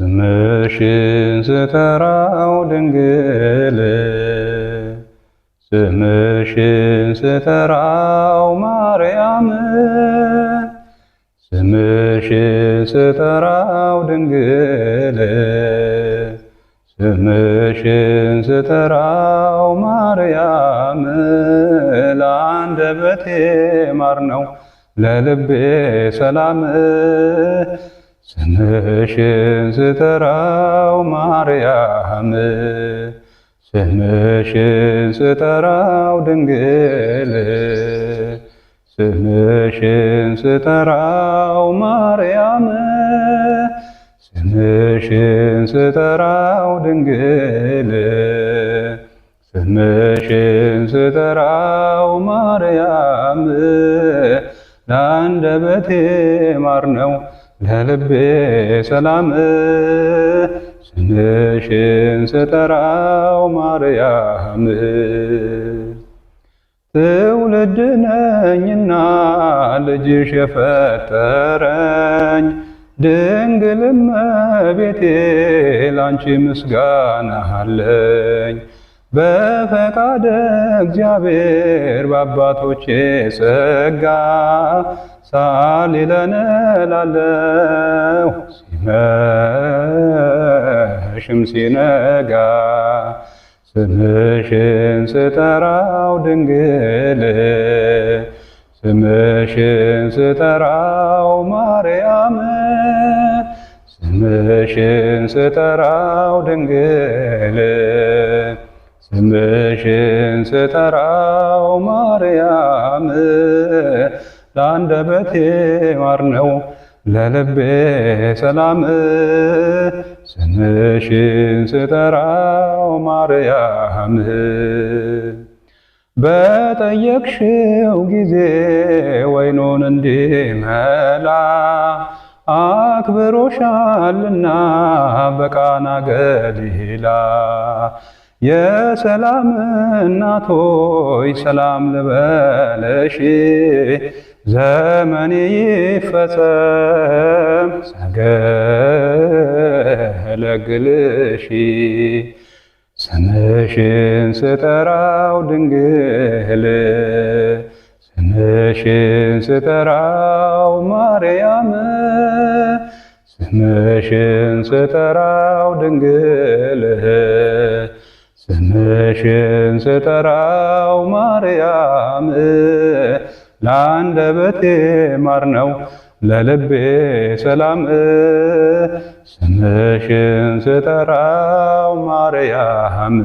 ስምሽን ስጠራው ድንግል ስምሽን ስጠራው ማርያም ስምሽን ስጠራው ድንግል ስምሽን ስጠራው ማርያም ለአንደበቴ ማር ነው ለልቤ ሰላም ስምሽን ስጠራው ማርያም ስምሽን ስጠራው ድንግል ስምሽን ስጠራው ማርያም ስምሽን ስጠራው ድንግል ስምሽን ስጠራው ማርያም ለአንደበቴ ማር ነው ለልቤ ሰላም ስምሽን ስጠራው ማርያም ትውልድ ነኝና ልጅሽ የፈጠረኝ ድንግልም ቤቴ ላንቺ ምስጋና አለኝ። በፈቃደ እግዚአብሔር በአባቶቼ ጸጋ ሳሊለን ላለሁ ሲመሽም ሲነጋ ስምሽን ስጠራው ድንግል ስምሽን ስጠራው ማርያም ስምሽን ስጠራው ድንግል ስምሽን ስጠራው ማርያም ለአንደበቴ ማር ነው ለልቤ ሰላም ስምሽን ስጠራው ማርያም በጠየቅሽው ጊዜ ወይኑን እንዲመላ አክብሮሻልና በቃና ገሊላ የሰላም እናት ሆይ ሰላም ልበለሽ፣ ዘመኔ ይፈጸም ሳገለግልሽ። ስምሽን ስጠራው ድንግል ስምሽን ስጠራው ማርያም ስምሽን ስጠራው ድንግል ስምሽን ስጠራው ማርያም ለአንደበቴ ማር ነው ለልቤ ሰላም ስምሽን ስጠራው ማርያም